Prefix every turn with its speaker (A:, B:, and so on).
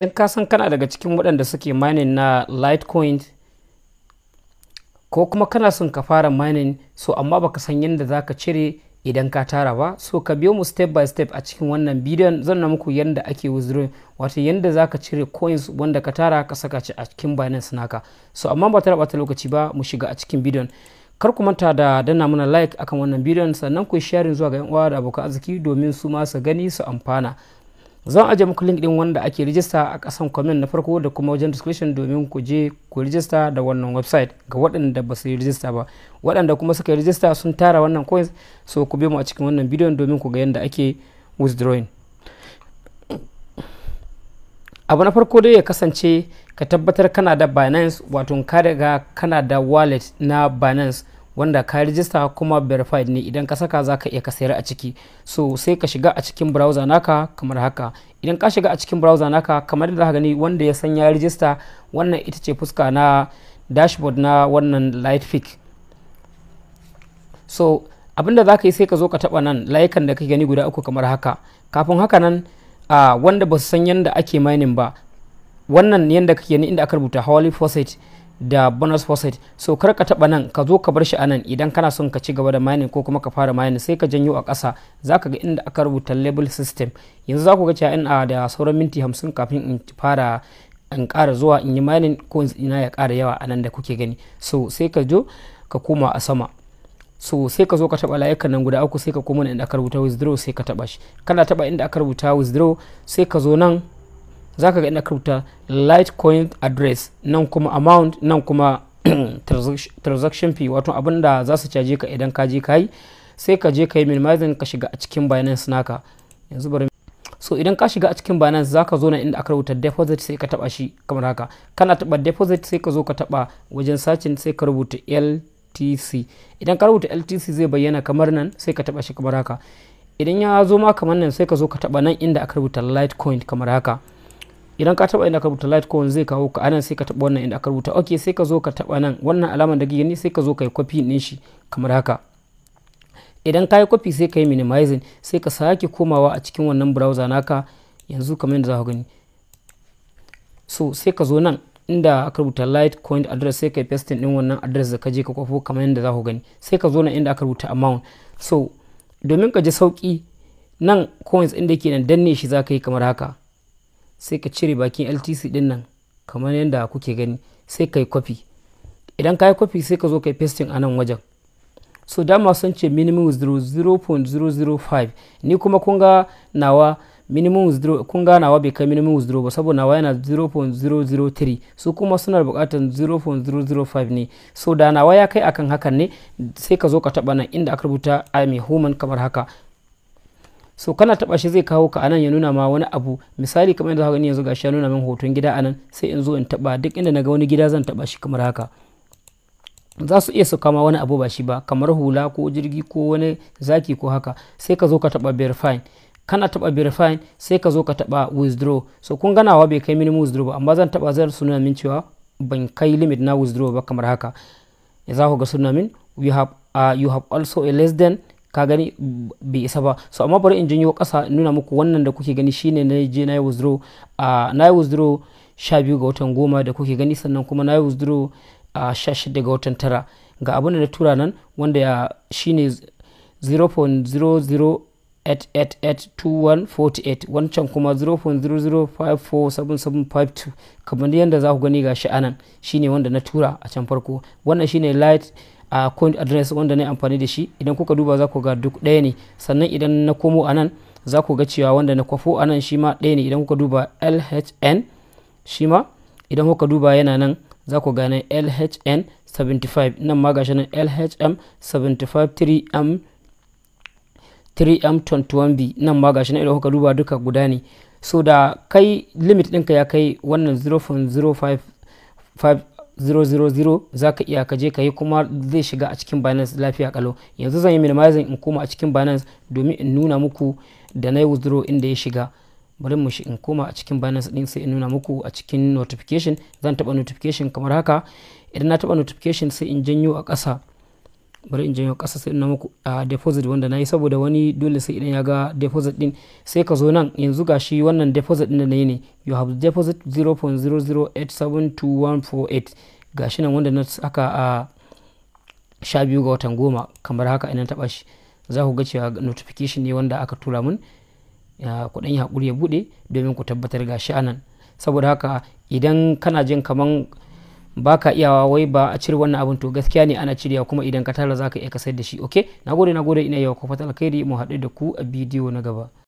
A: idan ka san kana daga cikin waɗanda suke mining na litecoin ko kuma kana son ka fara mining so amma baka san yadda za ka cire idan ka tara ba so ka biyo mu step by step a cikin wannan bidiyon zan na muku yadda ake withdrawing wato yadda za ka cire coins wanda ka tara ka saka ci a cikin binance naka so amma ba ta ta lokaci ba mu shiga a cikin bidiyon kar ku manta da danna mana like akan wannan bidiyon sannan ku sharing zuwa ga yan uwa da abokan arziki domin su ma su gani su amfana zan aje muku link din wanda ake rijista a kasan comment na farko da kuma wajen description domin ku je ku rijista da wannan website ga waɗanda ba su yi rijista ba waɗanda kuma suka yi sun tara wannan coins so ku bi mu a cikin wannan bidiyon domin ku ga yadda ake withdrawing abu na farko dai ya kasance ka tabbatar kana da binance wato ka daga kana da wallet na binance wanda ka rijista kuma verified ne idan ka saka za ka iya ka sayar a ciki so sai ka shiga a cikin browser naka kamar haka idan ka shiga a cikin browser naka kamar da gani wanda ya sanya ya rijista wannan ita ce fuska na dashboard na wannan lightfic so abinda za ka yi sai ka zo ka taba nan layukan da ka gani guda uku kamar haka kafin haka nan a wanda ba su san yadda ake mining ba wannan yadda kake ni inda aka rubuta holy faucet da bonus faucet so kar ka taba nan ka zo ka bar shi anan idan kana son ka ci gaba da mining ko kuma ka fara mining sai ka janyo a ƙasa zaka ga inda aka rubuta label system yanzu za ku ga cewa ina da sauran minti 50 kafin in fara in ƙara zuwa in yi mining ko ina ya ƙara yawa anan da kuke gani so sai ka zo ka koma a sama so sai ka zo ka taba layukan nan guda uku sai ka koma inda aka rubuta withdraw sai ka taba shi kana taba inda aka rubuta withdraw sai ka zo nan za ka ga ina rubuta litecoin address nan kuma amount nan kuma transaction fee wato abin da za su caje ka idan ka je ka yi sai ka je ka yi minimizing ka shiga a cikin binance naka yanzu bari so idan ka shiga a cikin binance zaka zo na inda aka rubuta deposit sai ka taba shi kamar haka kana taba deposit sai ka zo ka taba wajen sacin sai ka rubuta ltc idan ka rubuta ltc zai bayyana kamar nan sai ka taba shi kamar haka idan ya zo ma kamar nan sai ka zo ka taba nan inda aka rubuta litecoin kamar haka idan ka taba inda ka rubuta light cone zai kawo ka anan sai ka taba wannan inda aka rubuta ok sai ka zo ka taba nan wannan alamar da gani sai ka zo ka yi copy din shi kamar haka idan ka yi copy sai ka yi minimizing sai ka sake komawa a cikin wannan browser naka yanzu kamar yadda za ku gani so sai ka zo nan inda aka rubuta light coin address sai ka yi pasting din wannan address da ka je ka kwafo kamar yadda za ku gani sai ka zo nan inda aka rubuta amount so domin ka ji sauki nan coins inda ke nan danne shi za ka yi kamar haka sai ka cire bakin ltc din nan kamar yadda kuke gani sai ka yi kwafi idan ka yi kwafi sai ka zo ka yi pasting a nan wajen so dama sun ce minimum 0.005 ni kuma kunga nawa minimum kun nawa bai kai minimum withdraw ba saboda nawa yana 0.003 su kuma suna bukatan 0.005 ne so da nawa ya kai akan hakan ne sai ka zo ka taba nan inda aka rubuta i am human kamar haka so kana taba shi zai kawo ka anan ya nuna ma wani abu misali kamar yadda gani yanzu gashi ya nuna min hoton gida anan sai in zo in taba duk inda naga wani gida zan taba shi kamar haka za su iya su kama wani abu ba shi ba kamar hula ko jirgi ko wani zaki ko haka sai ka zo ka taba verify kana taba verify sai ka zo ka taba withdraw so kun ganawa bai kai minimum withdraw ba amma zan taba zan nuna min cewa ban kai limit na withdraw ba kamar haka za ku ga suna min you have uh, you have also a less than ka gani bai isa ba so amma bari in janyo in nuna muku wannan da kuke gani shine na je na yi withdraw a na yi withdraw sha biyu ga watan goma da kuke gani sannan kuma na yi withdraw a sha shida ga watan tara ga abin da tura nan wanda ya shine 0.00882148 wancan kuma 0.00547752 kamar yadda za ku gani ga shi anan shine wanda na tura a can farko wannan shine light a coin address wanda na amfani da shi idan kuka duba za ku ga duk ɗaya ne sannan idan na komo a nan za ku ga cewa wanda na kwafo a nan shi ma ɗaya ne idan kuka duba lhn shi ma idan kuka duba yana nan za ku gane lhn 75 nan ma gashi nan lhm 75 3m 3m21b nan ma gashi nan idan kuka duba duka guda ne so da kai limit ɗinka ya kai wannan 0.05 000 za ka iya kaje ka yi kuma zai shiga a cikin binance lafiya kalau yanzu zan yi minimizing in koma a cikin binance domin in nuna muku da na yi withdraw inda ya shiga bari mu in koma a cikin binance din sai in nuna muku a cikin notification zan taba notification kamar haka idan na taba notification sai in janyo a ƙasa bari in janyo kasa sai na muku a ah, deposit wanda na yi saboda wani dole sai idan ya ga deposit din sai ka zo nan yanzu ga shi wannan deposit din da na yi ne you have deposit 0.0087248 ga shi nan wanda na aka a sha biyu ga watan goma kamar haka idan taɓa shi za ku ga cewa notification ne wanda aka tura mun ku ya yi haƙuri ya buɗe domin ku tabbatar ga shi anan saboda haka idan kana jin kaman baka ka iyawa wai ba a cire wannan abin to gaskiya ne ana cirewa kuma idan ka tara za ka iya sayar da shi ok nagode nagode ina yawa ko fatan alkhairi mu haɗu da ku a bidiyo na gaba